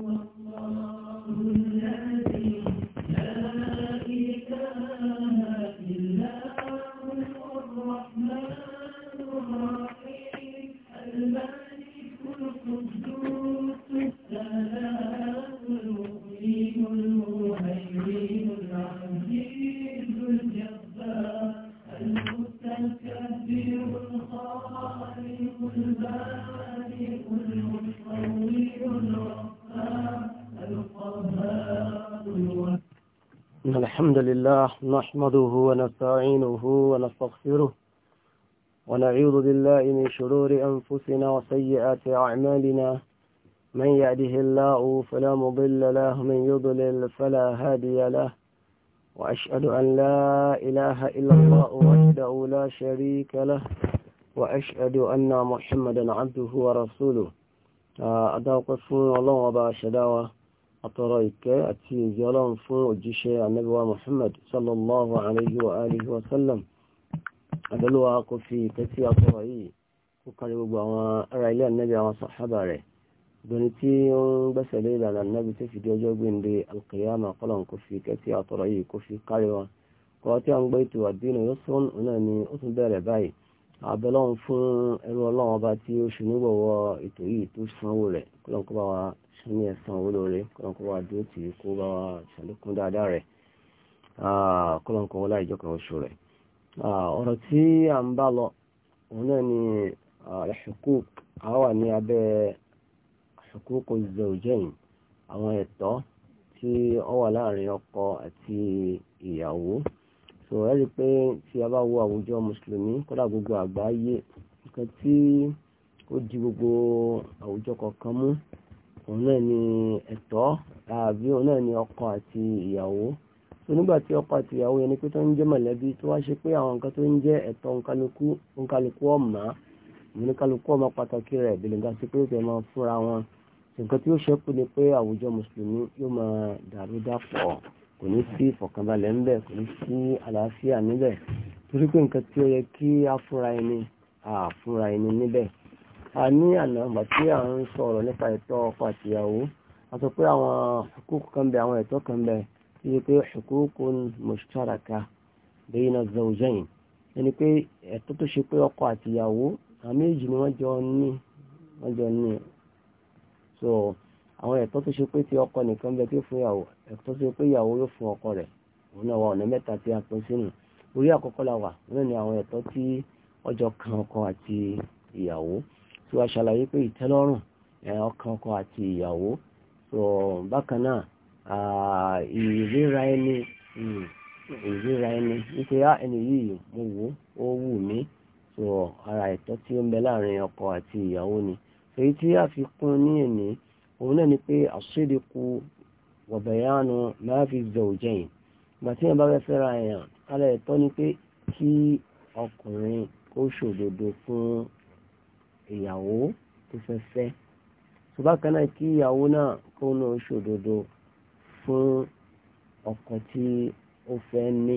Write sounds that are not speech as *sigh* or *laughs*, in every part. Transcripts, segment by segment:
الله نحمده ونستعينه ونستغفره ونعوذ بالله من شرور أنفسنا وسيئات أعمالنا من يهده الله فلا مضل له من يضلل فلا هادي له وأشهد أن لا إله إلا الله وحده لا شريك له وأشهد أن محمدا عبده ورسوله آه، أدعو قصون الله وبعشداوه àtọrọ ìkẹ́ àti ìyẹ́ ọlọ́run fún òjíṣẹ́ anábíwá Muhammad sallallahu alayhi wa alihi wa sallam àdọ́lúwa kò fi ìkẹ́ tí a tọrọ yìí kó kárí gbogbo àwọn ará ilé anábí àwọn sàhábà rẹ̀ gbẹni tí ó ń gbẹ́sẹ̀ lé ìlànà anábí tó fi di ọjọ́ gbẹ̀ǹde alkiyama kọ́lọ̀n kò fi ìkẹ́ tí a tọrọ yìí kó fi kárí wọn kọ́ tí a ń gbé ètò àdínà yóò sún náà ni ó tún bẹ̀rẹ̀ báyìí ní ẹ̀sán olóore kọ́lọ́nkọ́ wa dúró tì í kó bá wa ṣàlékún dáadáa rẹ̀ kọ́lọ́nkọ́ wọn láì jọkàn oṣù rẹ̀. ọ̀rọ̀ tí a ń bá lọ òun náà ni al-huquq a wà ní abẹ́ huquq az-zawjayn àwọn ẹ̀tọ́ tí ó wà láàrin ọkọ àti ìyàwó so ẹ rí i pé tí a bá wo àwùjọ mùsùlùmí kódà gbogbo àgbáyé nǹkan tí ó di gbogbo àwùjọ kọ̀ọ̀kan mú òun náà ni ẹ̀tọ́ àbí òun náà ni ọkọ àti ìyàwó tó nígbà tí ọkọ àti ìyàwó yẹn ni pé tó ń jẹ́ mọ̀lẹ́bí tó wá ṣe pé àwọn nǹkan tó ń jẹ́ ẹ̀tọ́ nkálukú ọ̀mà oníkálukú ọmọ pàtàkì rẹ̀ bìlìngà sí pé ó fẹ́ máa fúnra wọn nǹkan tí ó ṣẹ́kù ni pé àwùjọ mùsùlùmí yóò máa dàrú dàpọ̀ kò ní sí ìfọ̀kànbalẹ̀ ńbẹ̀ kò ní sí àlàáfíà níbẹ̀ torí pé nǹkan tí ó yẹ kí á fúnra ẹni à fúnra ẹni níbẹ̀ a ní ànàmà tí à ń sọ̀rọ̀ nípa ẹ̀tọ́ ọkọ àtìyàwó a sọ pé àwọn huquq kan bẹ àwọn ẹ̀tọ́ kan bẹ tí ó pé huququn mushtaraka bayna az-zawjayn ẹni pé ẹ̀tọ́ tó ṣe pé ọkọ àtìyàwó àmì èjì ni wọ́n jọ ní wọ́n jọ ní so àwọn ẹ̀tọ́ tó ṣe pé tí ọkọ nìkan bẹ tí ó fún ìyàwó ẹ̀tọ́ tó ṣe pé ìyàwó yóò fún ọkọ rẹ̀ òun náà wà ọ̀nà mẹ́ta tí a pín sínú orí àkọ́kọ́ la wà náà ni àwọn ẹ̀tọ́ tí ọjọ́ kan ọkọ àti ìyàwó tí wàá ṣàlàyé pé ìtẹ́lọ́rùn ọkàn ọkọ àti ìyàwó so bákan naa ìríra ẹni hmm, ìríra ẹni wípé á ẹni yìí mo wò ó wù mí so ara ẹ̀tọ́ tí ó ń bẹ láàrin ọkọ àti ìyàwó ni èyí tí a fi kún ní ẹ̀ní òun náà ni pé àṣídìkú wọ̀bẹ̀yánu máa fi zawjayn ìgbà tí wọn fẹ́ fẹ́ra kí ọkùnrin kó ṣòdodo fún ìyàwó tó fẹ́ fẹ́ ṣùgbọ́n kan náà kí ìyàwó náà kó nu oṣù òdodo fún ọkọ tí ó fẹ́ ní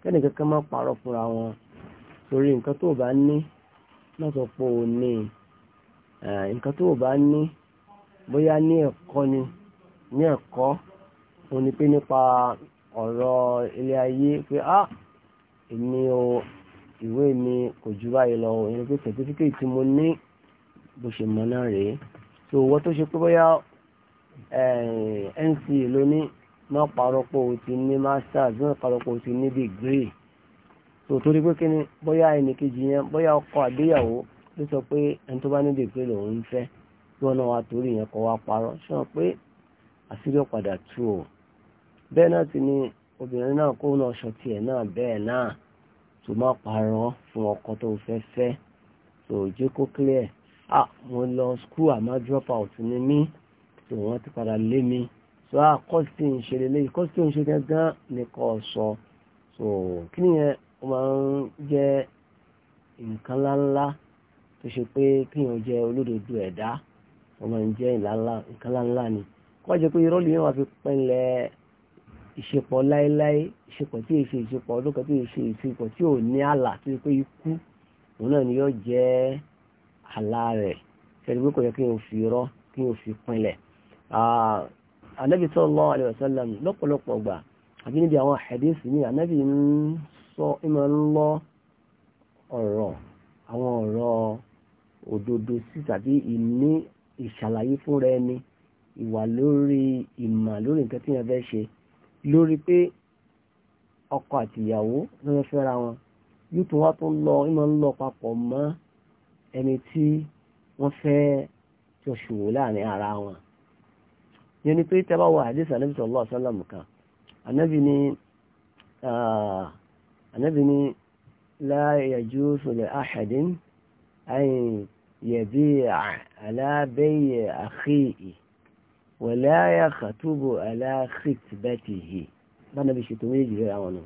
kẹ́ni kankan má parọ́ fúnra wọn torí nǹkan tó bá ní má sọ pé ò ní nǹkan tó bá ní bóyá ní ẹ̀kọ́ ni ní ẹ̀kọ́ òun ni pé nípa ọ̀rọ̀ ilé ayé pé ah èmi o ìwé mi kò ju báyìí lọ ìyẹn pé certificate tí mo ní bó ṣe mọ náà rèé so owó tó ṣe pé bóyá eh, nc e lóní náà parọ́pọ̀ o ti ní masters náà parọ́pọ̀ o ti ní degree so torí pé kí ni bóyá ẹnìkejì yẹn bóyá ọkọ àgbéyàwó ló sọ pé ẹni tó bá ní degree lòun fẹ́ tí wọ́n náà wá torí yẹn kọ́ wá parọ́ ṣé wọ́n pé àṣírí ọ̀padà tú o bẹ́ẹ̀ náà ti ní obìnrin náà kó náà ṣọtì ẹ̀ náà bẹ́ẹ̀ náà tó má parọ́ fún ọkọ tó fẹ́ fẹ́ tó jẹ́ kó clear ah mo lọ school àmọ́ drop out ni mí tó wọ́n ti padà lé mi tó a kọ́sì tí ń ṣe lélẹ́yìí kọ́sì tí ń ṣe gángan ni kò sọ tó kí nìyẹn ó máa ń jẹ́ nǹkan ńláńlá tó ṣe pé kíyàn jẹ́ olódodo ẹ̀dá ó máa ń jẹ́ nǹkan ńláńlá ni kọ́ jẹ́ pé irọ́ lè yẹn wà fi pẹ́ńlẹ̀ ìṣepọ̀ láéláé ìṣepọ̀ tí èṣe ìṣepọ̀ ọdún kan tí èṣe ìṣepọ̀ tí ò ní àlà tó yẹ pé ikú òun náà ni yóò jẹ́ àlà rẹ̀ ṣẹ́ni pé kò yẹ kí n fi rọ́ kí n fi pinlẹ̀. anabi sallallahu alaihi wasallam lọ́pọ̀lọpọ̀ gbà àbí níbi àwọn hadith ní anabi ń sọ ìmọ̀ ń lọ ọ̀rọ̀ àwọn ọ̀rọ̀ òdodo sí tàbí ìní ìṣàlàyé fúnra ẹni ìwà lórí ìmọ̀ lórí nǹkan tí wọ́n fẹ́ ṣe lórí pé ọkọ àti ìyàwó lọ́wọ́ fẹ́ra wọn yóò tó wá tó lọ ìmọ̀ ń lọ papọ̀ mọ́ ẹni tí wọ́n fẹ́ jọ ṣòwò láàrin ara wọn yẹn ni pé tẹ́bá wọ hadith anábì sallallahu alaihi wasallam kan anábì ni anábì ah, ni la yajuzu li ahadin an yabi'a ala wala yakhtubu ala khitbatihi bána bí ṣètò méjì rẹ̀ àwọn nù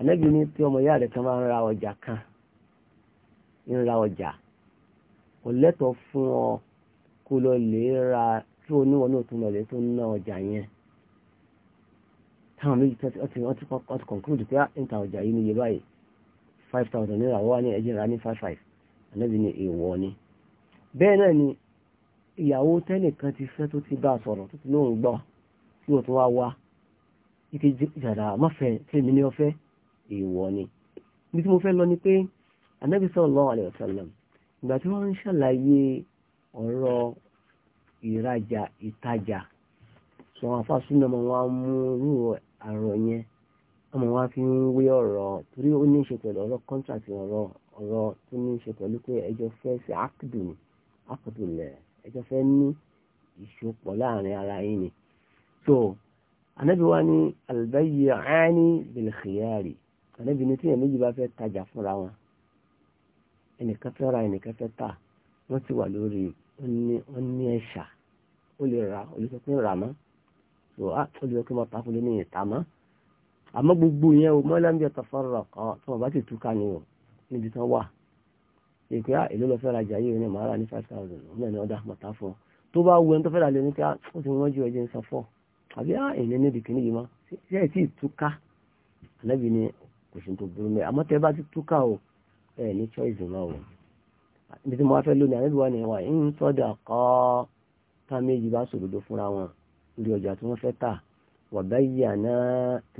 ànábì ní tí ọmọ ìyá rẹ̀ kan máa ń ra ọjà kan ń ra ọjà kò lẹ́tọ̀ọ́ fún ọ kó lọ lè ra tí oníwọ̀n náà tún lọ lè tún ná ọjà yẹn táwọn méjì wọ́n ti conclude pé ń ta ọjà yìí níye báyìí five thousand naira wọ́n wá ní ẹ̀jẹ̀ rà ní five five ànábì ní èèwọ̀ ni bẹ́ẹ̀ náà ni ìyàwó tẹ́nìkan ti fẹ́ tó ti bá sọ̀rọ̀ tó ti lóun gbọ́ tí ó tún wá wá ike jàdà mọ́fẹ́ tèmi ní ọfẹ́ èèwọ̀ ni ibi tí mo fẹ́ lọ ni pé anábì sallallahu alaihi wasallam ìgbà tí wọ́n ń ṣàlàyé ọ̀rọ̀ ìrajà ìtajà sọ àwọn afásúnà ọmọ wa mú irú àrọ̀ yẹn ọmọ wa fi ń wé ọ̀rọ̀ torí ó ní í ṣe pẹ̀lú ọ̀rọ̀ contract ọ̀rọ̀ ọ̀rọ̀ tó ní í ṣe pẹ̀lú pé ẹjọ́ fẹ́ ṣe ákùdù ákùdù lẹ̀ ẹjọ́ fẹ́ ní ìṣopọ̀ láàrin ara yín ni so anabi wa ni albayi ani bilkhiyari anabi ni tíyẹn méjì bá fẹ́ tajà fúnra wọn ẹnìkan fẹ́ ra ẹnìkan fẹ́ tà wọ́n ti wà lórí wọ́n ní ẹ̀ṣà ó lè ra ó lè sọ pé rà mọ́ so á ah, ó lè sọ lónìí ìta mọ́ àmọ́ gbogbo yẹn o mọ́lá ń bí ọ̀tọ̀ fọ́rọ̀ kan bá ti túká ni o níbi tán wà ìpè á ah, èló lọ fẹ́ rajà yìí ní màá rà ní five thousand ọmọ ẹni ọ̀dà mọ̀tá fún ọ tó bá wù ẹni tó fẹ́ rà lé ní pé ah, ó ti wọ́n ju ẹjẹ́ ń san fọ́ àbí á ah, èlé ní ìdìkì níyìí mọ́ ṣé ẹ ti túká ànábì ni kò sí tó burú mẹ́ àmọ́ tẹ́ bá ti túká o ẹ ní choice mọ́ o ibi tí mo wá fẹ́ lónìí ànábì wà ní ẹ̀wà ń sọ́dà kọ́ tá méjì bá sòdodo fúnra wọn lórí ọjà tí wọ́n fẹ́ tà wàbáyà náà tí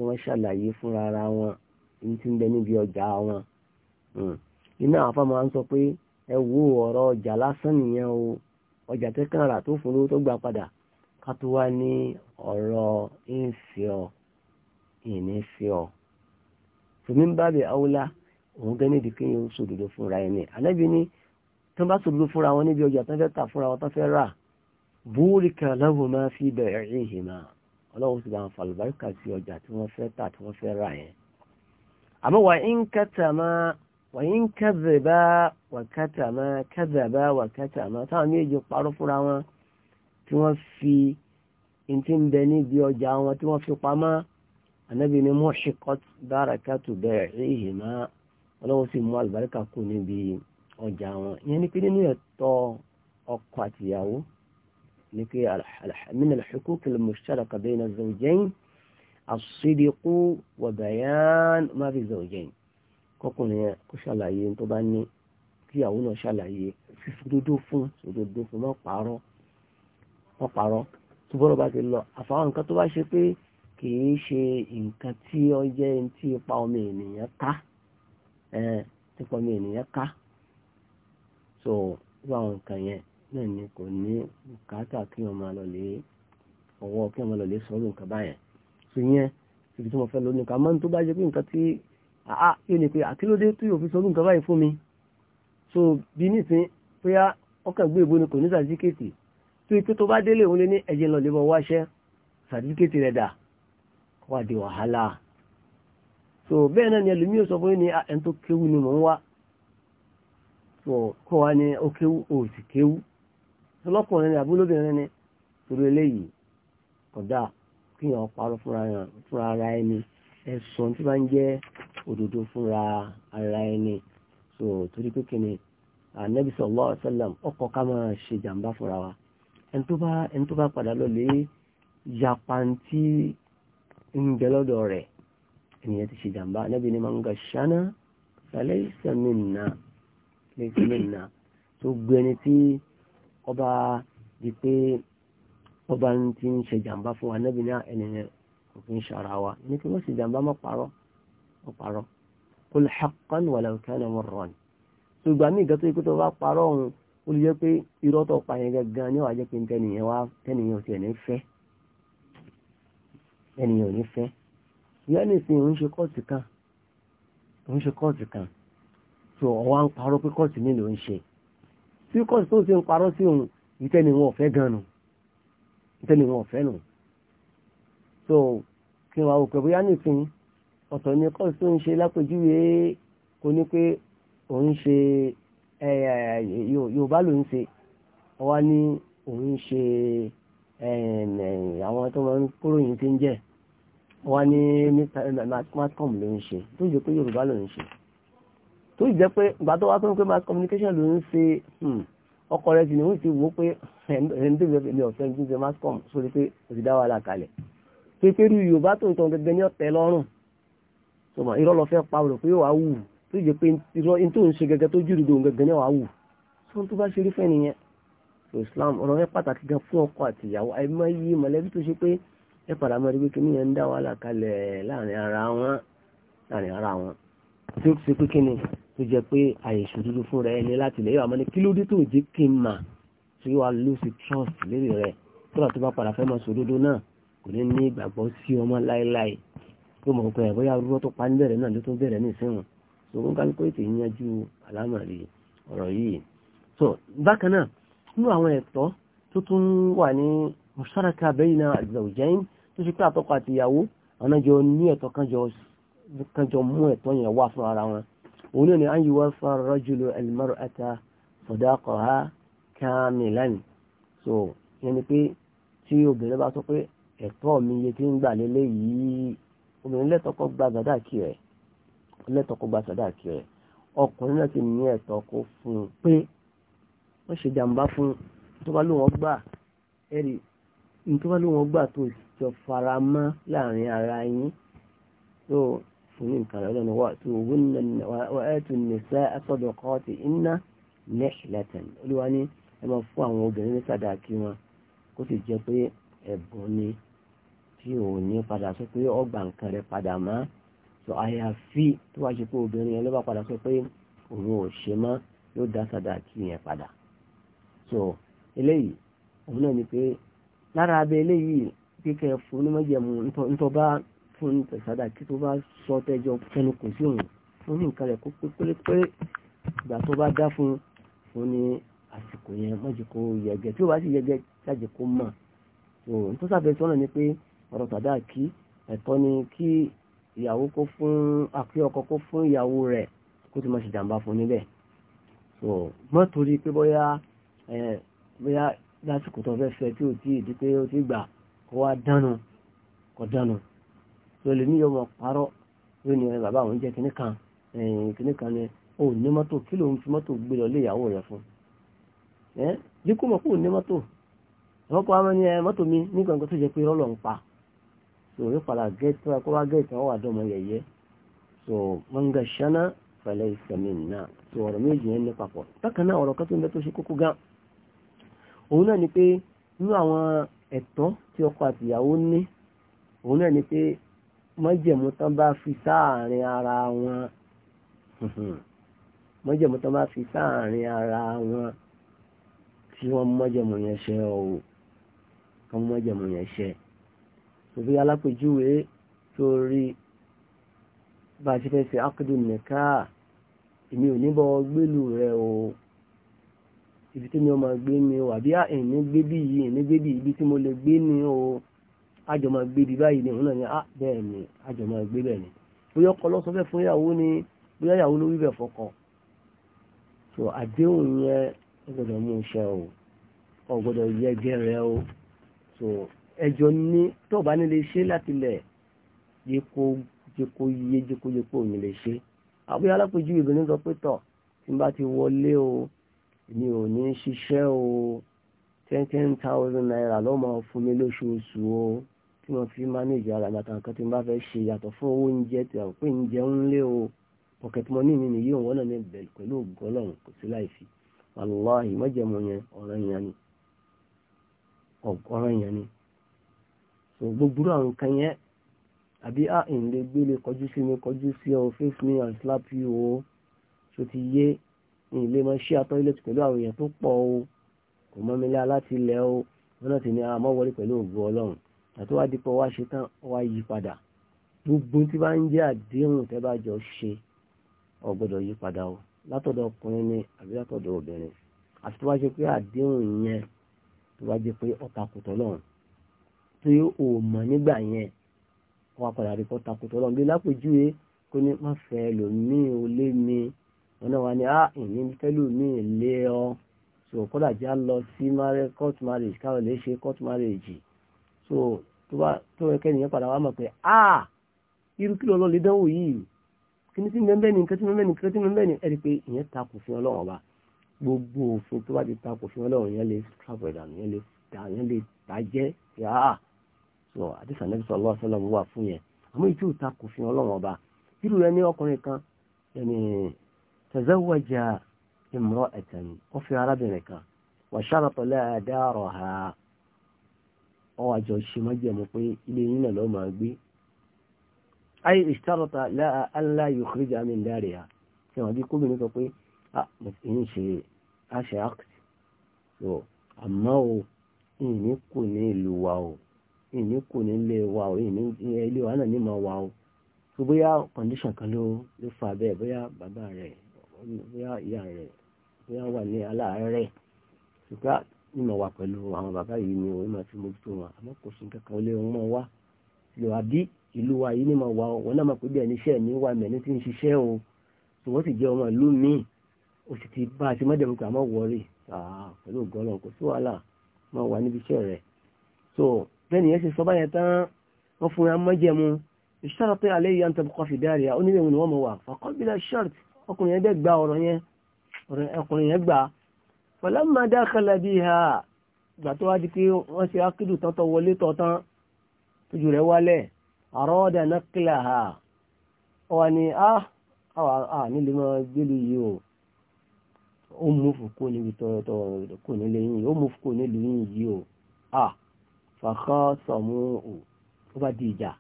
iná àfa máa ń sọ pé ẹ wo ọ̀rọ̀ ọjà lásán nìyẹn o ọjà tẹ́kàn rà tó fún lówó tó gbà padà ká tó wá ní ọ̀rọ̀ ìfẹ́ ọ ìnífẹ́ ọ tòmí ń bábẹ̀ awúlá òun gẹ́ nídìí kí yóò sòdodo fúnra ẹni ànábì ní tó bá sòdodo fúnra wọn níbi ọjà tó fẹ́ tà fúnra wọn tó fẹ́ rà búrìkà lọ́hùn máa fi bẹ̀rẹ̀ ìhìn máa ọlọ́run sì bá ń falùbáríkà sí ọjà tí wọ́n fẹ́ tà tí wọ́n fẹ́ rà yẹn àmọ́ wà ń kẹta máa wọ̀nyín kẹ́zẹ̀bá wàkátàmá kẹ́zẹ̀bá wàkátàmá táwọn méjì parọ́ fúnra wọn tí wọ́n fi ntí ń bẹ níbi ọjà wọn tí wọ́n fi pamọ́ ànábì ní mọ́ṣíkọ́t bárakàtù bẹ̀rẹ̀ èyí má ọlọ́wọ́ sì mú àlùbáríkà kù níbi ọjà wọn ìyẹn ni pé nínú ẹ̀tọ́ ọkọ àtìyàwó ni pé min al-huquq al-mushtaraka bayna az-zawjayn as-sidqu wa fi az kọkùnrin yẹn kó ṣàlàyé tó bá ní kí ìyàwó náà ṣàlàyé fífòdodo fún òdodo fún má parọ́ má parọ́ tó bọ́rọ̀ bá ti lọ àfàwọn nǹkan tó bá ṣe pé kì í ṣe nǹkan tí ó jẹ́ tí ipa ọmọ ènìyàn ká ipa ọmọ ènìyàn ká so irú àwọn nǹkan yẹn náà ni kò ní bùkátà kí wọn máa lọ lè ọwọ́ kí wọn máa lọ lè sọ̀rọ̀ nǹkan báyẹn so yẹn ibi tí mo fẹ́ lónìí kan máa ń tó bá jẹ́ pé nǹkan tí àá ah, ah, yóò ní pé àkílódé ah, tó yóò fi so bí nísìn bóyá ọkàn gbé ìbò ni kò ní sàtífíkètì tó ipé tó bá délé òun lé ní ẹ̀jẹ̀ wàhálà so bẹ́ẹ̀ náà ni ẹlòmíì sọ fún yín ní ẹni tó kéwu ni mò ń wá so kó wa ní ó kéwu ó sì kéwu ọlọ́kùnrin ni àbúlóbìnrin ni torí eléyìí kódà kíyàn parọ́ fúnra ara ẹni ẹ̀sùn tí bá ń jẹ́ òdodo fúnra ara ẹni so torí pé kíni anabi sallallahu alaihi wasallam ọkọ ká máa ṣe jàǹbá fúnra wa ẹni tó bá ẹni tó bá padà lọ lè yapantí ń bẹ lọ́dọ̀ rẹ̀ ènìyàn ti ṣe jàǹbá anabi ni máa ń ga ṣáná laysa minna laysa minna tó gbé ẹni tí ọba di pé ọba ti ń ṣe jàǹbá fún wa anabi ní ah, ẹni kò kí ń ṣara wa ẹni tí wọ́n ṣe jàǹbá má parọ́ ó parọ́ qul haqqan walau kana marran ṣùgbọ́n ní ìgbà tó yẹ kó tó bá parọ́ òun ó lè jẹ́ pé irọ́ tó pa yẹn gangan ni wàá jẹ́ pé tẹnìyẹn wá tẹnìyẹn ò tiẹ̀ ní fẹ́ ẹnìyẹn ò ní fẹ́ ìyá nìsín òun ṣe kọ́ọ̀tù kan òun ṣe kọ́ọ̀tù kan tó ọwọ́ ń parọ́ pé kọ́ọ̀tù nílò ń ṣe tí kọ́ọ̀tù tó ti ń parọ́ sí òun ìtẹ́ni ò fẹ́ gan nù so kí n wá wò pé bóyá nìsín ọ̀tọ̀ ni kọ́ọ̀sì tó ń ṣe lápèjúwe kò ní pé òun ṣe yorùbá ló ń ṣe ọwá ní òun ṣe àwọn tó máa ń kóròyìn tí ń jẹ́ ọwá ní mascom ló ń ṣe tó jẹ́ pé yorùbá ló ń ṣe tó jẹ́ pé ìgbà tó wá pé pé mass communication ló ń ṣe hmm, ọkọ rẹ sì ni wọ́n ti wò ó pé ẹni tó fẹ́ mi ọ̀fẹ́ ní ṣe mascom sórí pé kò dá wàhálà kalẹ̀ pé pé yorùbá tó ń tọ́ gẹ́gẹ́ ní ọ̀tẹ̀ lọ́rùn sọmọ irọ́ lọ fẹ́ pa rò pé wàá wù tó jẹ pé irọ́ in tó ń ṣe gẹ́gẹ́ tó jùlọ dòun gẹ́gẹ́ náà wàá wù tó tó bá ṣe rí nìyẹn so Islam ọ̀rọ̀ yẹn pàtàkì gan fún ọkọ àti ìyàwó ẹ má yí mọ̀lẹ́bí tó ṣe pé ẹ padà mọ̀ ẹgbẹ́ kí nìyẹn ń dá wàhálà kalẹ̀ láàrin ara wọn láàrin ara wọn tí ó ṣe pé kí tó jẹ pé àyè ìṣòdodo fún rẹ ẹni láti lè yọ kí ló dé tó jẹ́ kí n mà tí wàá lose trust lérí rẹ tó bá tó bá padà fẹ́ mọ̀ sòdodo náà kò ní ní ìgbàgbọ́ sí ọmọ láéláé tó mọ̀ pé ẹ̀bọ́yá rúrọ́ tó pa níbẹ̀rẹ̀ náà ló tó bẹ̀rẹ̀ ní ìsẹ́wọ̀n tó ń kálukú ètò ìyanjú àlámọ̀rí ọ̀rọ̀ yìí so bákan náà nínú àwọn ẹ̀tọ́ tó tún wà ní musharaka bayna al-zawjayn tó ṣe pé àtọ́kọ àti ìyàwó àwọn jọ ní ẹ̀tọ́ kan jọ mú ẹ̀tọ́ yẹn wá fún ara wọn òun náà ni an yuwaffa ar-rajulu al-mar'ata sadaqaha kamilan so yẹn ni pé tí obìnrin bá sọ pé ẹ̀tọ́ mi yẹ kí ń gbà lélẹ́yìí obìnrin lẹ́tọ̀ọ́ kó gba sàdáàkì rẹ̀ lẹ́tọ̀ọ́ kó gba sàdáàkì rẹ̀ ọkùnrin náà ti ní ẹ̀tọ́ kó fún un pé wọ́n ṣe jàǹbá fún un tó bá ló wọ́n gbà ẹ̀rì tó bá ló wọ́n gbà tó jọ fara mọ́ láàrin ara yín tó fún ní nǹkan rẹ̀ lọ́nà wà tó owó wà ẹ̀ tó nìṣẹ́ ẹ̀tọ́dọ̀ kọ́ ti iná lẹ́ṣìlẹ́tẹ̀n olúwa ní ẹ máa fún àwọn obìnrin ní sàdáàkì wọn kó sì jẹ́ pé ẹ̀bùn ni tí ò ní padà sọ pé ọgbà nǹkan rẹ padà mọ́ sọ àyàfi tó wá ṣe pé obìnrin yẹn ló bá padà sọ pé òun ò ṣe mọ́ yóò dá sádà kí yẹn padà so eléyìí òun náà ni pé lára abẹ eléyìí kíkẹ́ fún onímọ̀jẹ̀mú ntọ́ bá fún sádà kí tó bá sọ tẹ́jọ fẹnu kò sí òun fún ní nǹkan rẹ̀ kó pé pérépé ìgbà tó bá dá fún fún ní àsìkò yẹn mọ́jì kó yẹgẹ tí ó bá sì yẹgẹ jáde kó mọ̀ so ntọ́sàfẹ́ sọ́nà ni pé ọ̀rọ̀ sàdáàkì ẹ̀tọ́ ni kí ìyàwó kó fún àpé ọkọ kó fún ìyàwó rẹ̀ kó ti máa ṣe jàǹbá fún níbẹ̀ so mọ́ torí pé bóyá bóyá lásìkò tó fẹ́ fẹ́ tí ò tí ìdí pé ó ti gbà kó wá dánu kó dánu so lèmi yóò mọ̀ parọ́ yóò ní bàbá àwọn jẹ́ kinní kan kinní kan ni ó ní mọ́tò kí ló ń fi mọ́tò gbé lọ lé ìyàwó rẹ̀ fún ẹ́ dínkù mọ̀ kó ní mọ́tò ìwọ́pọ̀ àwọn ẹni mọ́tò mi nígbà tó jẹ́ pé rọ́lọ́ ń pa so yóò padà gẹ́ẹ̀tì ko kó wá gẹ́ẹ̀tì wọn wà dọ́mọ yẹ̀yẹ́ so shana ṣáná pẹ̀lẹ́ ìsẹ̀mí náà so ọ̀rọ̀ méjì yẹn ní papọ̀ bákan náà ọ̀rọ̀ kan tó ń bẹ tó ṣe kókó gan òun náà ni pé nínú àwọn ẹ̀tọ́ tí ọkọ àtìyàwó ní òun náà ni pé mọ́jẹ̀mú tán bá fi sáàárín ara wọn *laughs* mọ́jẹ̀mú tán bá fi sáàárín ara wọn tí wọ́n mọ́jẹ̀mú yẹn ṣe o kán mọ́jẹ̀mú yẹn ṣe òbí alápèjúwe tó rí bá a ṣe fẹ́ ṣe ákùdù nìka èmi ò níbọ̀ gbélù rẹ̀ o ibi tí mi ò máa gbé mi o àbí ẹ̀ní gbé bí yìí ẹ̀ní gbé bí ibi tí mo lè gbé ni o àjọ máa gbé bí báyìí ni òun náà ni á ah, bẹ́ẹ̀ ni àjọ máa gbé bẹ́ẹ̀ ni bóyá ọkọ lọ fẹ́ fún ìyàwó ni bóyá ìyàwó ló wí bẹ̀ fọkọ tó àdéhùn yẹn ó gbọ́dọ̀ mú iṣẹ́ o ó gbọ́dọ̀ yẹgẹrẹ o tó. So, ẹjọ́ ní tó bá nílé ṣe láti lẹ̀ jẹ́kó yé jẹ́kójẹ́kó ò ní lè ṣe àbúyá alápèjú ìbìnrin sọ pé tọ̀ tí n bá ti wọlé o èmi ò ní ṣiṣẹ́ o ten ten thousand naira ló máa fún mi lóṣooṣù o tí wọ́n fi mánéjì ara ìgbà kankan tí n bá fẹ́ ṣe yàtọ̀ fún owó oúnjẹ tí àwọn pé ń jẹun lé o pocket money mi nìyí òun wọ́nà mi bẹ̀rẹ̀ pẹ̀lú ògùn ọlọ́run kò sí láìsí wàlúwàhì mọ́jẹ̀mú yẹn ọ̀ràn ni ọ̀ràn yẹn ni so gbogbo àwọn nǹkan yẹn àbí à ah, ń lè gbélé kọjú sí mi kọjú sí ọ oh, face me and slap you o so ti yé ń lè máa ṣí atọ́ilẹ̀ pẹ̀lú àwọn èèyàn tó pọ̀ o kò mọ́ mi lé láti ilẹ̀ o wọn náà ti ní àmọ́ ah, wọlé pẹ̀lú ògo ọlọ́run àti wá dípọ̀ wá ṣe tán wá yí padà gbogbo tí bá ń jẹ́ àdéhùn tẹ́ bá jọ ṣe ò gbọ́dọ̀ yí padà o látọ̀dọ̀ ọkùnrin ni àbí látọ̀dọ̀ obìnrin àti tó bá jẹ́ pé àdéhùn yẹn tó bá jẹ́ pé ó takò tí o mọ̀ nígbà yẹn wọ́n padà rí kọ́ta kò tọ́lọ́ bí lápèjúwe kó ní má fẹ́ lòmíì ò lé mi wọn náà wá ní ah ìní fẹ́ lòmíì lé ọ so kọ́dà já lọ sí court marriage káwọn lè ṣe court marriage so tó bá tó ẹkẹ́ nìyẹn padà wá mọ̀ pé ah irú kí lọ́lọ́ lè dánwò yìí kí ni tí mẹ́mbẹ́ ni nǹkan tí mẹ́mbẹ́ ni nǹkan tí mẹ́mbẹ́ ni ẹ̀rí pé ìyẹn takò fún ọlọ́run ọba gbogbo òfin tó bá ti takò fún ọlọ́run yẹn lè travel ẹ̀dà yẹn lè tà yẹn lè tà yàrá so àdìsá nàbí sọ lọ́wọ́ sọ́lọ́mù wà fún yẹn àmọ́ ìtú ìta kò fi hàn lọ́wọ́ ọba irú rẹ ní ọkùnrin kan ẹni tazawwaja imra'atan ó fi arábìnrin kan wa sharata laha daraha ọwọ́ àjọ ṣe má jẹ̀mú pé ilé yín náà ló máa gbé ayé ishtarata laha an la yukhrija min dariha ṣe wọn bí kóbìnrin sọ pé ah ìyìn ṣe ìní kò ní lè wà ó ìní ilé wa náà ní máa wà ó tó bóyá condition kan ló ló fa bẹ́ẹ̀ bóyá bàbá rẹ̀ bóyá ìyá rẹ̀ bóyá wà ní aláàárẹ̀ ṣùgbọ́n ní máa wà pẹ̀lú àwọn bàbá yìí ni òun máa fi mójútó wọn àmọ́ kò sí kankan ó lé wọn máa wá lò àbí ìlú wa yìí ni máa wà ó wọn náà máa pè bí ẹni iṣẹ́ ní wà mẹ́ni tí ń ṣiṣẹ́ o tó wọ́n sì jẹ́ ọmọ ìlú míì ó sì ti bá a ti mọ́dẹ̀mú pé so bẹ́ẹ̀ nìyẹn ṣe sọ báyẹn tán wọ́n fún yẹn mọ́jẹ̀mú ìṣàrọ̀ pé alẹ́ yìí à ń tẹ̀ kọfì dáre à oníbẹ̀ wọn ni wọ́n mọ̀ wà fàkọ́bílẹ̀ ṣọ́ọ̀t ọkùnrin yẹn bẹ́ẹ̀ gba ọ̀rọ̀ yẹn ọkùnrin yẹn gbà falamma dakhala biha gbà tó wá di pé wọ́n ṣe akídù tọ́tọ̀ wọlé tọ́tán tójú rẹ̀ wálẹ̀ àrọ́ọ̀dà nákìlà ha ọwà ni ah, a nílé máa gbélé yìí o ó mú fún kó níbi tọ́tọ̀ kò nílé yìí ó mú fún kó nílé yìí o ah, fàkọ́ sọ̀mú ò ó bá di ìjà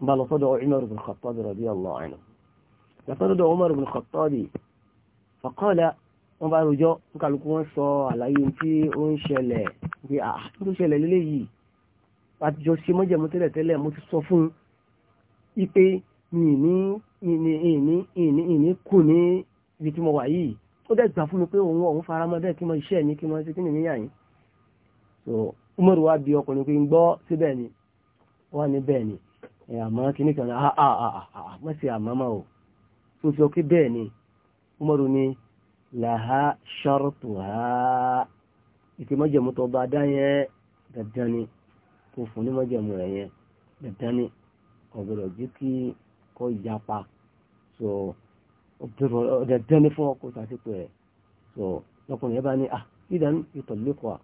ń bá lọ sọ́dọ̀ Umar ibn Khattab radiyallahu anhu lọ sọ́dọ̀ Umar ibn Khattab fàkọ́lá wọ́n bá rojọ́ kálukú wọn sọ àlàyé tí ó ń ṣẹlẹ̀ pé à ń tó ṣẹlẹ̀ lélẹ̀ yìí àtijọ́ ṣe mọ́jẹ̀mú tẹ́lẹ̀ tẹ́lẹ̀ mo ti sọ fún ipe mi ní ìní ìní ìní ìní kù ní ibi tí mo wà yìí ó dẹ̀ gbà fún mi pé òun ọ̀hún fara mọ́ bẹ́ẹ̀ kí mo iṣẹ́ mi kí mo ṣe kí Umar wá bí ọkùnrin pé ń gbọ́ síbẹ̀ ni wọ́n ní bẹ́ẹ̀ ni àmọ́ kìíní kan ah, ah, ah, mọ́sí àmọ́mọ́ o tó sọ pé bẹ́ẹ̀ ni Umar ní làhá ṣọ́rọ̀tù ha ìpè mọ́jẹ̀mú tó bá dá yẹn dandan ni kò fún ní mọ́jẹ̀mú rẹ̀ yẹn dandan ni ọ̀gbọ̀dọ̀ jẹ́ kí kọ́ ìyapa so dandan ni fún ọkọ̀ sàṣepẹ̀ rẹ̀ so lọ́kùnrin yẹn bá ní ah ìdánù ìtọ̀lẹ́kọ̀ọ́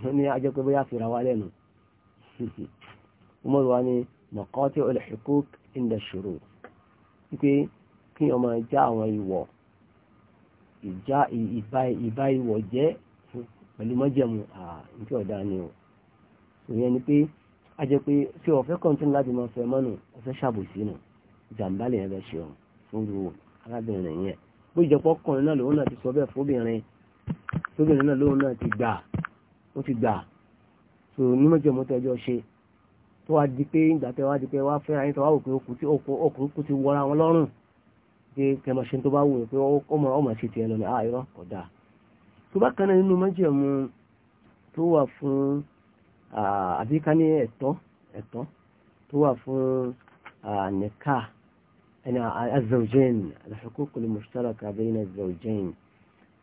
*laughs* ní ajẹ́ pé bóyá fìrà wá lẹ́nu *laughs* Umar wa ni mọ̀kọ́tí al-huquq inda shurut wípé kí ọmọ já àwọn ìwọ̀ ìjá ìbá ìwọ̀ jẹ́ pẹ̀lú mọ́jẹ̀mú àti ọ̀dá ni o ìyẹn ni pé a jẹ́ pé tí ọ̀fẹ́ kọ́ntún láti máa fẹ́ mọ́nù ọ̀fẹ́ ṣàbòsí nù jàǹbá lè ẹgbẹ́ ṣe ọ̀hún fún ìjọpọ̀ ọkùnrin náà lòun náà ti sọ bẹ́ẹ̀ fóbìnrin náà lòun náà ti gbà ó ti gbà so onímọ̀jẹ̀mú tẹ́jọ́ ṣe tó wá di pé ìgbà tẹ́ wá di pé wá fẹ́ra yín tó wá wò pé okùn kú ti wọra wọn lọ́rùn pé kẹmọ̀ṣe tó bá wù pé ọmọ ọmọ ṣe tiẹ̀ lọ́nà àìrọ́ ah, kọ̀ dáa tó bá kan náà nínú mọ̀jẹ̀mú tó wà fún àbí ẹ̀tọ́ ẹ̀tọ́ tó wà fún nìka ẹni azọ̀jẹ́n al-huquq al-mushtaraka bayna azọ̀jẹ́n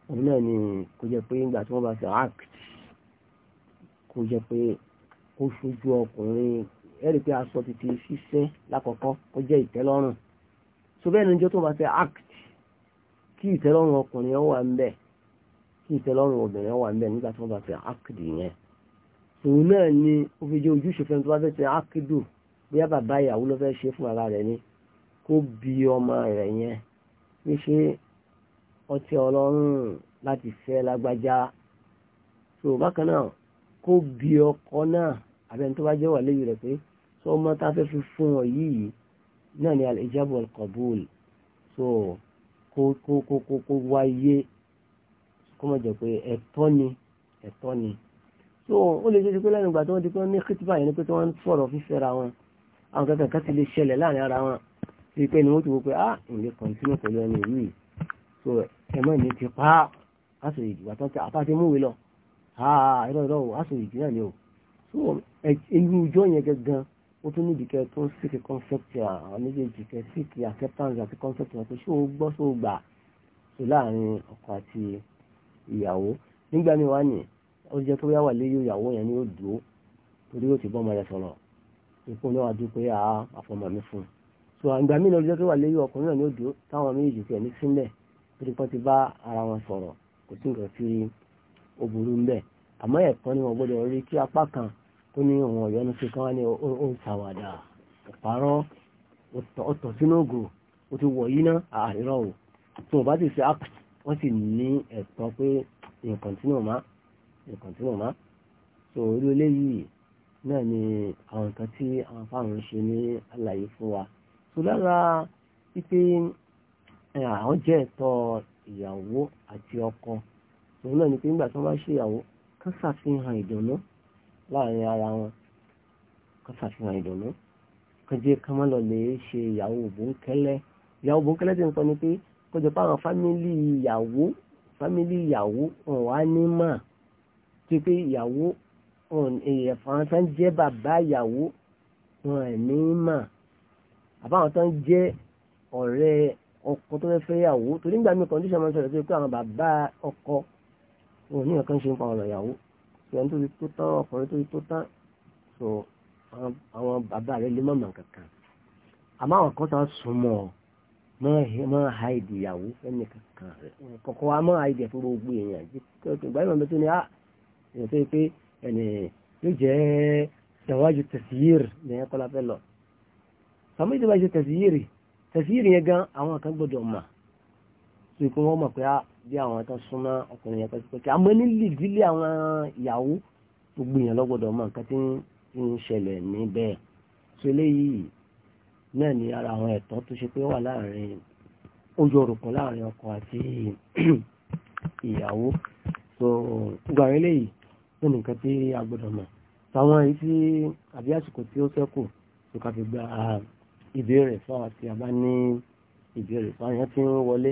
òun náà ni kò jẹ́ pé ìgbà tí wọ́n bá ṣe act kó jẹ́ pé kó ṣojú ọkùnrin ẹ̀rí pé aṣọ tètè ṣiṣẹ́ lákọ̀ọ́kọ́ kó jẹ́ ìtẹ́lọ́rùn so bẹ́ẹ̀ ni jọ́ tó bá fẹ́ act kí ìtẹ́lọ́rùn ọkùnrin ó wà ń bẹ̀ kí ìtẹ́lọ́rùn obìnrin ó wà ń bẹ̀ nígbà tó bá fẹ́ act yẹn òun náà ni ó fi jẹ́ ojúṣe fẹ́ni tó bá fẹ́ ṣe act bóyá bàbá ìyàwó ló fẹ́ ṣe fún ara rẹ̀ ni kó bi ọmọ rẹ̀ yẹn pé ṣé ọtí ọlọ́run láti fẹ́ lágbájá so bákan náà kó bí ọkọ náà àbẹ́ni tó bá jẹ́ wà léyìí rẹ̀ pé sọ ọmọ tá fẹ́ fi fún ọ yìí náà ni al-ijab so kó kó kó kó kó wáyé kó mọ̀ jẹ́ pé ẹ̀tọ́ ni ẹ̀tọ́ ni so ó lè ṣe ti pé lẹ́nu ìgbà tí wọ́n ti pé ní kìtìbà yẹn ni pé tí wọ́n ń sọ̀rọ̀ fífẹ́ra wọn àwọn kankan kan ti lè ṣẹlẹ̀ láàrin ara wọn ti pé ni wọ́n ti wò pé ah ìlé kọ̀ǹtínú pẹ̀lú ẹni yìí so ẹ̀mọ́ ìní ti pa á láti ìgbà tó ti àtàtì múwe lọ àà ah, irọ́ irọ́ o so irú ìjọ yẹn gangan ó tún níbi kẹ tó ń sìkì concept àwọn méjèèjì kẹ sìkì acceptance àti concept wọn pé ṣé o gbọ́ ṣé o gbà so láàrin ọkọ àti ìyàwó nígbà míì wá ní ó jẹ́ tó yá wà lé yóò ìyàwó yẹn ni ó dúró torí ó ti bọ́ ọmọ rẹ̀ sọ̀rọ̀ ìpín náà wájú pé àá àfọmọ mi fún un so àgbà míì náà ó jẹ́ tó wà lé yóò ọkùnrin náà ni ó dúró táwọn méjèèjì kẹ ní sílẹ̀ torí pọ́n ti bá ara wọn sọ̀rọ̀ kò sí nǹkan tí ó burú ń bẹ̀ àmọ́ ẹ̀kọ́ ni wọ́n gbọ́dọ̀ rí kí apá kan tó ní òun ọ̀yọ́nu sí kan wá ní ó ń ṣàwàdà ọ̀párọ́ ọ̀tọ̀ sínú ògùn ó ti wọ̀ yí náà àìrọ̀ o tí wọ́n bá ti ṣe act wọ́n sì ní ẹ̀tọ́ pé nǹkan tí wọ́n má nǹkan tí wọ́n má so irú eléyìí náà ni àwọn nǹkan tí àwọn fáwọn ń ṣe ní àlàyé fún wa so lára wípé àwọn jẹ́ ẹ̀tọ́ ìyàwó àti ọkọ òun náà ni pé nígbà tí wọ́n bá ṣèyàwó kán ṣàfihàn ìdùnnú láàrin ara wọn kán ṣàfihàn ìdùnnú kán jẹ́ kán má lọ lè ṣe ìyàwó bòńkẹ́lẹ́ ìyàwó bòńkẹ́lẹ́ ti ń sọ ni pé kọjọ pé àwọn fámìlì ìyàwó fámìlì ìyàwó ọ̀n wá ní mà tí pé ìyàwó ọ̀n èèyàn tán jẹ́ bàbá ìyàwó wọn ẹ̀ ní mà àbáwọn tán jẹ́ ọ̀rẹ́ ọkọ tó fẹ́ fẹ́ ìyàwó torí nígbà mi kọ́ndíṣàn máa ń sọ̀rọ̀ pé àwọn bàbá ọkọ wọn ò ní ọ̀kan ṣe ń pa ọ̀rọ̀ ìyàwó ìyẹn tó tó tán ọkùnrin so àwọn bàbá rẹ lè mọ̀mọ̀ kan tán sùn mọ́ ọ mọ́ ha ìdí ìyàwó ẹni kankan rẹ kọ̀kọ́ wa mọ́ ha ìdí ẹ̀fọ́ gbogbo èèyàn ìgbà yìí mọ̀ tó ní ah! à ẹ̀ tó pé ẹni yóò jẹ́ ṣèwájú tẹ̀síyìr ní ẹ̀kọ́ la fẹ́ lọ sàmú ìdí wa kan gbọ́dọ̀ mà so ìkọ́ wọn mọ̀ pé ah! bí àwọn tó súnmọ́ ọkùnrin yẹn pẹ́kipẹ́kí àmọ́ nílì ìdílé àwọn ìyàwó gbogbo èèyàn lọ́gbọ́dọ̀ mọ̀ nǹkan tí ń ṣẹlẹ̀ níbẹ̀ tó eléyìí náà ní ara àwọn ẹ̀tọ́ tó ṣe pé wà láàrin ojú orùkún láàrin ọkọ àti *clears throat* ìyàwó tó gbà eléyìí tó nìkan tí a gbọ́dọ̀ mọ̀ táwọn èyí tí àbí àsìkò tí ó ṣẹ́kù tó ká gba ìbéèrè fún àwọn tí a bá ní ìbéèrè fún àwọn tí ń wọlé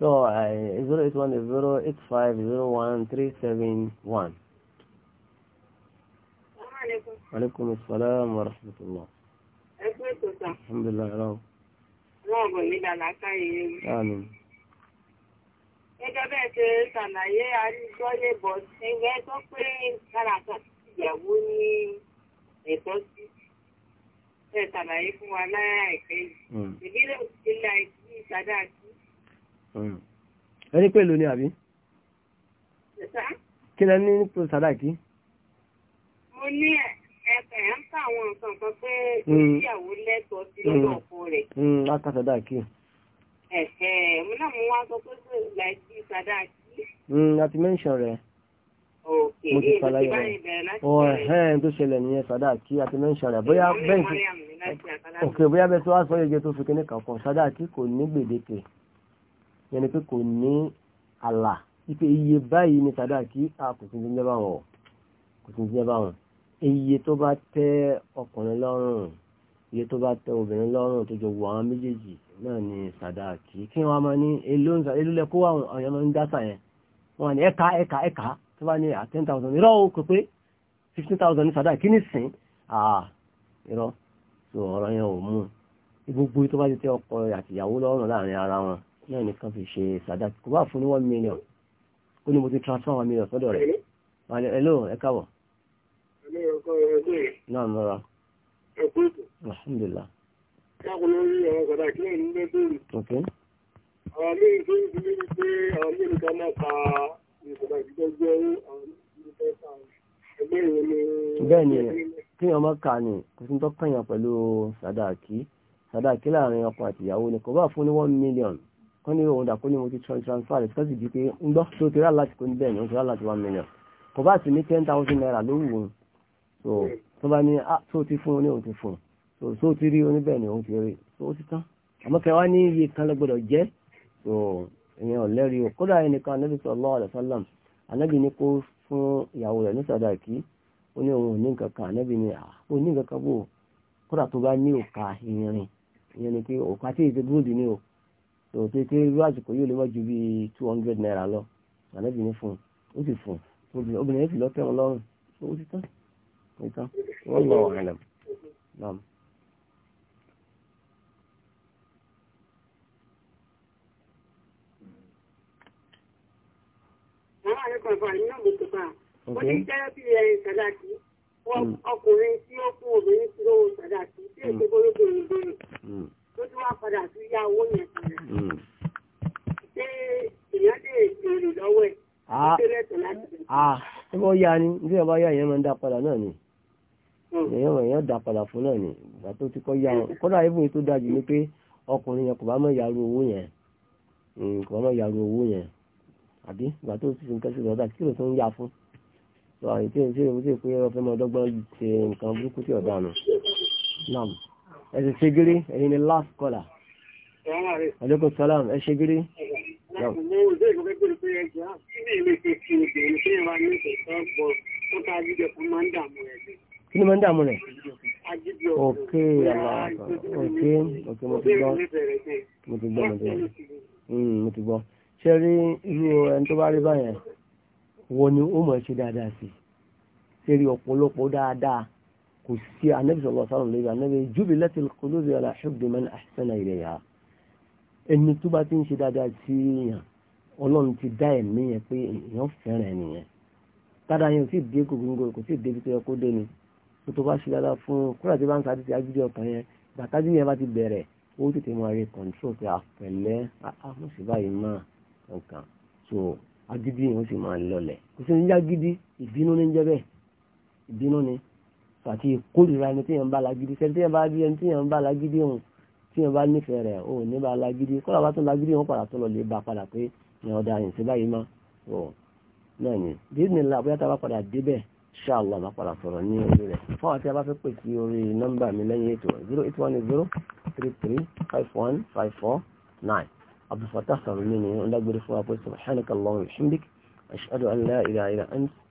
so zero eight one zero eight five zero one three seven one. aleykum salaam wa rahmatulah. ẹ kú ètò sàn. alhamdulilayi raw. wọn bò ní dàlákà yìí. àmín. gẹ́gẹ́ bẹ́ẹ̀ ṣe ṣàlàyé arígbọ́yé bọ̀ sí wẹ́ tó pé káràkà ìyàwó ní ìsádà hmm. àti ẹni pé lóní àbí kí lẹ ní nípò sàdáàkì. mo ní ẹ̀fẹ̀ ń ta àwọn nǹkan kan pé mm. ìyàwó lẹ́tọ̀ọ́ sí mm. lọ́dọ̀ ọkọ rẹ̀. láta mm, sàdáàkì. ẹ̀fẹ̀ mo náà mo wá sọ pé kò láìsí sàdáàkì. àti mẹ́ńsàn rẹ̀ mo ti ṣàlàyé rẹ̀ ọ̀hẹ́n oh, tó ṣẹlẹ̀ nìyẹn sàdáàkì àti mẹ́ńsàn rẹ̀ bóyá bẹ́ẹ̀ tó wá sọ yege tó fi kíní kankan sàdáàkì kò ní gbèdéke yẹn ni pé kò ní àlà ipe iye báyìí ni sàdáàkì a kò sí ní bá wọn iye tó bá tẹ ọkùnrin lọ́rùn iye tó bá tẹ obìnrin lọ́rùn tó jọ wọ àwọn méjèèjì náà ni sàdáàkì kí wọn máa ní èlò lẹkọ àwọn ọyàn máa ń dá sàyẹn wọn ni ẹka ẹka ẹka tó bá ní à ten thousand irọ́ o kò pé fifteen thousand ní sàdáàkì ní sìn ah irọ́ so ọ̀rọ̀ yẹn ò mú gbogbo tó bá ti tẹ ọkọ àtìyàwó lọ́rùn láàrin ara wọn náà nìkan fi ṣe sàdáàtì kò bá fún ní one million ó ní mo ti transfer one million sọ́dọ̀ rẹ̀ hello ẹ káàbọ̀. náà nọra. alhamdulilah. káàkiri ló rí àwọn sàdáàtì náà ní bẹ́ẹ̀ àwọn míì tó ń fi lérí pé àwọn míì nìkan máa ka ìṣẹ̀dá ìdíjọ́jọ́ àwọn ìṣẹ̀dá ẹgbẹ́ ìwé ni. bẹ́ẹ̀ ni kà ní kò sí tó kàyàn pẹ̀lú láàrin ọkọ àtìyàwó ni kò bá fún ní one million wọ́n ní òun dàkó ní mo ti transfer rẹ̀ tó sì di pé ń gbọ́ tó ti rà láti kó ní bẹ́ẹ̀ ni ó ti rà láti one million kò bá sì ní ten thousand naira ló wù so tó bá ní tó ah, ti fún un òun ti fún so tó ti rí oníbẹ̀ ni òun ti rí so ó ti tán àmọ́ kẹ wá ní iye kan ló jẹ́ so ìyẹn ò lẹ́rí o kódà ẹnìkan anábì sallallahu alaihi wasallam anábì ní kó fún ìyàwó rẹ̀ ní sàdáàkì ó ní òun ò ní nǹkan kan anábì ní ah, ó ní nǹkan bò kódà tó bá ní òkà irin ìyẹn ni pé òkà tí èdè tó tó pé irú àsìkò yóò lè wọ́n ju bíi two hundred naira lọ ànábì ní fún un ó sì fún un obìnrin yẹn fi lọ́ọ́ tẹ̀wọ̀n lọ́rùn ó ti tán ó ti tán wọ́n lọ ọ̀hánà náà. Hmm. Ọkùnrin tí ó kú obìnrin tí ó wọ sàdáàkì tí èdè bóyá obìnrin bẹ̀rẹ̀. Hmm. tó tún wá padà sí yá owó yẹn padà hmm. ṣé èèyàn lè béèrè lọ́wọ́ ẹ̀ ah. ṣé wọ́n ah, yá ni bí ọba yá yẹn máa ń dá náà ni hmm. èèyàn fún náà ni ìgbà tó ti kọ́ wọn tó dájú ni pé ọkùnrin yẹn kò bá owó yẹn hmm, kò bá owó yẹn àbí ìgbà tó ẹ̀sìn ṣe gírí ẹ̀yin ni last caller. aleykum salaam ẹ ṣe gírí. kí ni máa ń dààmú rẹ̀? ok ok ok mo ti gbọ́ mo ti gbọ́ mm, mo ti gbọ́ mo ti gbọ́ ṣe rí irú ẹni tó bá rí báyẹn wọ ni ó mọ̀ ṣe dáadáa sí ṣe rí ọ̀pọ̀lọpọ̀ dáadáa kò sí anabi sọlọ sọlọ lórí anabi jubilatil qulubi ala hubbi man ahsana ilayha ẹni tó bá ti ń ṣe dáadáa sí yàn ọlọ́run ti dá ẹ̀mí yẹn pé èèyàn fẹ́ràn ẹni yẹn tádà yẹn kò sì dé gbogbo kò sì débi tó yẹ kó dé ni kó tó bá ṣe dáadáa fún kúrò àti báńkì àti agídí ọkàn yẹn bàtájú yẹn bá ti bẹ̀rẹ̀ ó tètè máa rí kọ̀ǹtrol pé àpẹ̀lẹ́ àmọ̀sí báyìí máa nǹkan so agídí yẹn ó sì máa lọlẹ̀ kò sí ní agídí ìbínú ní ni àti ìkórìíra ẹni tí yẹn bá lágídí sẹ́ni tí yẹn bá bí ẹni tí yẹn bá lágídí òun tí yẹn bá nífẹ̀ẹ́ rẹ̀ ò ní bá lágídí kọ́lá bá tún lágídí wọn padà tó lọ lè bá padà pé ẹ̀ ọ̀dà yìí sí báyìí má ọ̀ náà ni disney la bóyá tá a bá padà débẹ̀ ṣáàlú àbá padà sọ̀rọ̀ ní orí rẹ̀ fáwọn tí a bá fẹ́ pè sí orí nọ́mbà mi lẹ́yìn ètò zero eight one zero three three five one five four nine abdulfatah sọ̀rọ̀ mi ni ọ̀dàgbére fún wa pé subhanakallahumma wa bihamdik ashhadu an la ilaha